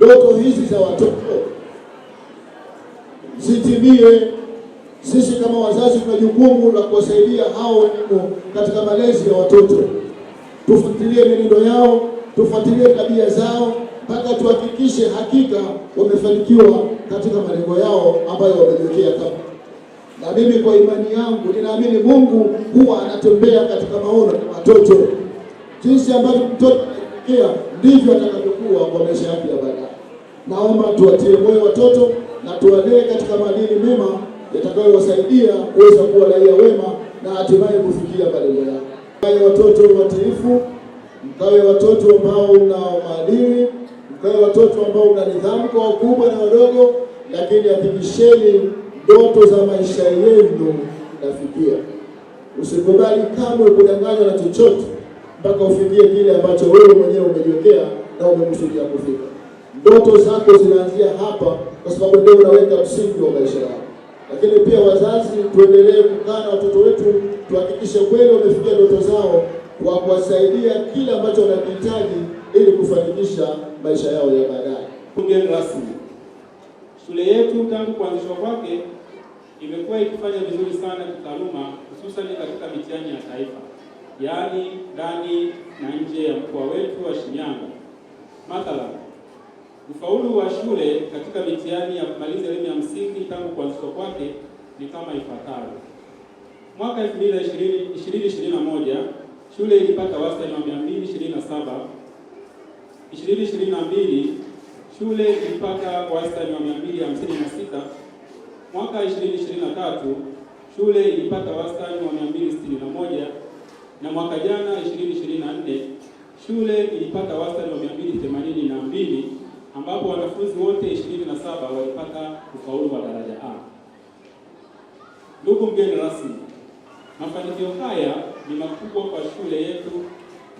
ndoto hizi za watoto zitimie. Sisi kama wazazi tuna jukumu la kuwasaidia hao walimo katika malezi ya watoto. Tufuatilie mienendo yao, tufuatilie tabia zao mpaka tuhakikishe hakika wamefanikiwa katika malengo yao ambayo wamejiwekea. Kama na mimi kwa imani yangu ninaamini Mungu huwa anatembea katika maono ya watoto. Jinsi ambavyo mtoto anaelekea ndivyo atakavyokuwa kwa maisha yake ya baadaye naomba tuwatie moyo watoto na tuwalee katika maadili mema yatakayowasaidia kuweza kuwa raia wema na hatimaye kufikia malengo yao. Kwa watoto watiifu, mkawe watoto ambao una maadili, mkawe watoto ambao una nidhamu kwa wakubwa na wadogo, lakini hakikisheni ndoto za maisha yenu nafikia. Usikubali kamwe kudanganywa na chochote mpaka ufikie kile ambacho wewe mwenyewe umejiwekea na umekusudia kufika. Ndoto zako zinaanzia hapa, kwa sababu ndio unaweka msingi wa maisha yako. Lakini pia wazazi, tuendelee kukaa na watoto wetu, tuhakikishe kweli wamefikia ndoto zao, kwa kuwasaidia kile ambacho wanakihitaji ili kufanikisha maisha yao ya baadaye. Mgeni rasmi, shule yetu tangu kuanzishwa kwake imekuwa ikifanya vizuri sana kitaaluma, hususani katika mitihani ya taifa, yaani ndani na nje ya mkoa wetu wa Shinyanga mathalan Ufaulu wa shule katika mitihani ya kumaliza elimu ya msingi tangu kuanzishwa kwake ni kama ifuatavyo. Mwaka 2020-2021 shule ilipata wastani wa 227. 2022 shule ilipata wastani wa 256. Mwaka 2023 shule ilipata wastani wa 261 na mwaka jana 2024 shule ilipata wastani wa 282 ambapo wanafunzi wote 27 walipata ufaulu wa daraja A. Ndugu mgeni rasmi, mafanikio haya ni makubwa kwa shule yetu,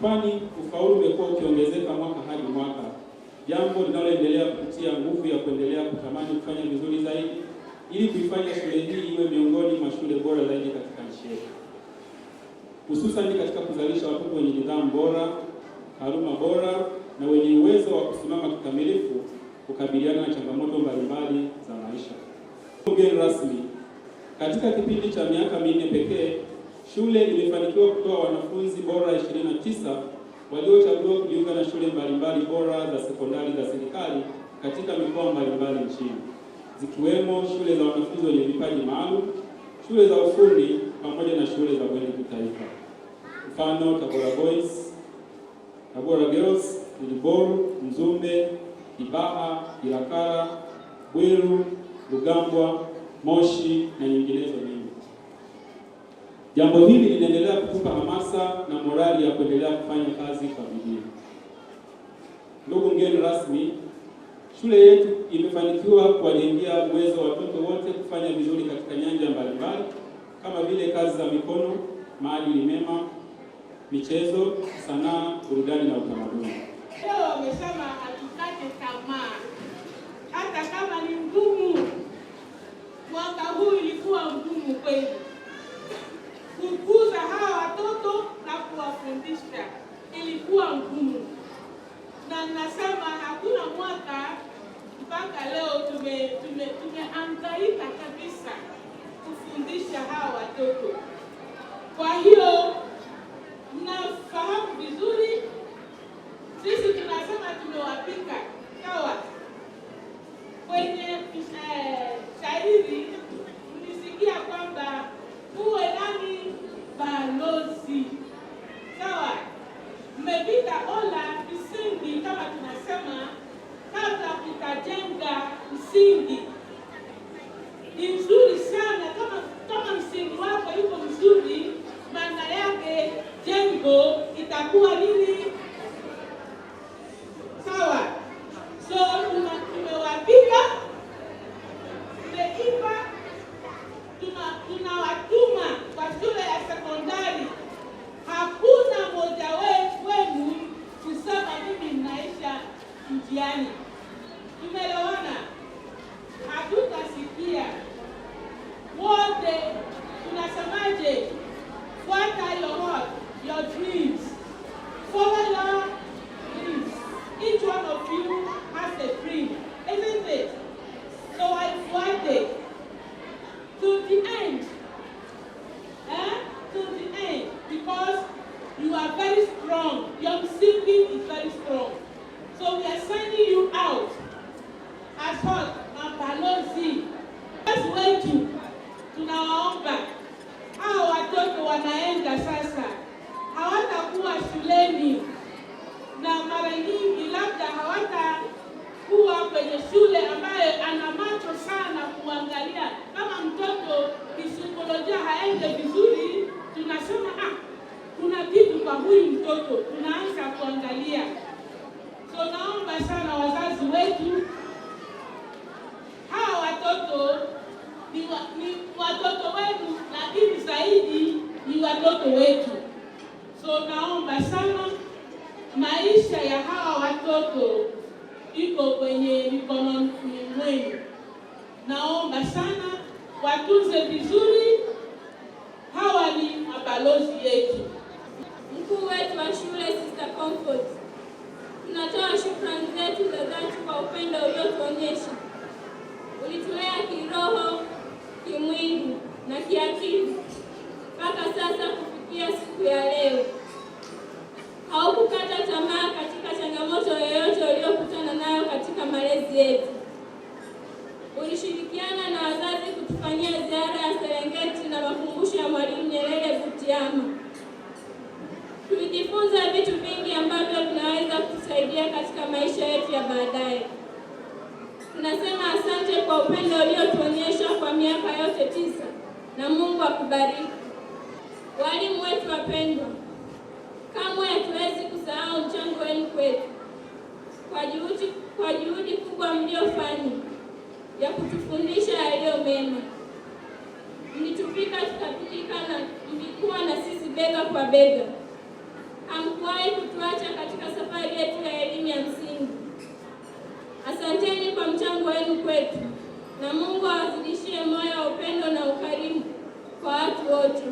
kwani ufaulu umekuwa ukiongezeka mwaka hadi mwaka, jambo linaloendelea kutia nguvu ya kuendelea kutamani kufanya vizuri zaidi ili kuifanya shule hii iwe miongoni mwa shule bora zaidi katika nchi yetu, hususan katika kuzalisha watoto wenye nidhamu bora, taaluma bora na wenye uwezo wa kusimama kikamilifu kukabiliana na changamoto mbalimbali za maisha. Mgeni rasmi, katika kipindi cha miaka minne pekee shule imefanikiwa kutoa wanafunzi bora 29 waliochaguliwa kujiunga na shule mbalimbali bora za sekondari za serikali katika mikoa mbalimbali nchini zikiwemo shule za wanafunzi wenye vipaji maalum, shule za ufundi pamoja na shule za bweni kitaifa, mfano Tabora Boys, Tabora Girls Uliboru, Mzumbe, Ibaha, Ilakara, Bwiru, Lugambwa, Moshi na nyinginezo nyingi. Jambo hili linaendelea kutupa hamasa na morali ya kuendelea kufanya kazi kwa bidii. Ndugu mgeni rasmi, shule yetu imefanikiwa kuwajengea uwezo watoto wote kufanya vizuri katika nyanja mbalimbali kama vile kazi za mikono, maadili mema, michezo, sanaa, burudani na utamaduni leo wamesema hatukate tamaa, hata kama ni ngumu. Mwaka huu ilikuwa ngumu kweli kukuza hawa watoto na kuwafundisha, ilikuwa ngumu, na nasema hakuna mwaka mpaka leo tumeangaika, tume, tume kabisa kufundisha hawa watoto, kwa hiyo uongozi. Sawa, mmepita ola msingi, kama tunasema kabla tutajenga msingi watunze vizuri. Hawa ni mabalozi yetu. Mkuu wetu wa shule Sister Comfort, tunatoa shukrani zetu za dhati kwa upendo uliotuonyesha. Ulitulea kiroho, kimwili na kiakili mpaka sasa kufikia siku ya leo. yetu ya baadaye. Tunasema asante kwa upendo uliotuonyesha kwa miaka yote tisa, na Mungu akubariki. Walimu wetu wapendwa, kamwe hatuwezi kusahau mchango wenu kwetu kwa juhudi, kwa juhudi kubwa mliofanya ya kutufundisha yaliyo mema. Mlitupika tukapilika na mlikuwa na sisi bega kwa bega. Hamkuwahi kutuacha katika safari yetu ya elimu ya msingi. Asanteni kwa mchango wenu kwetu, na Mungu awazidishie moyo wa upendo na ukarimu kwa watu wote.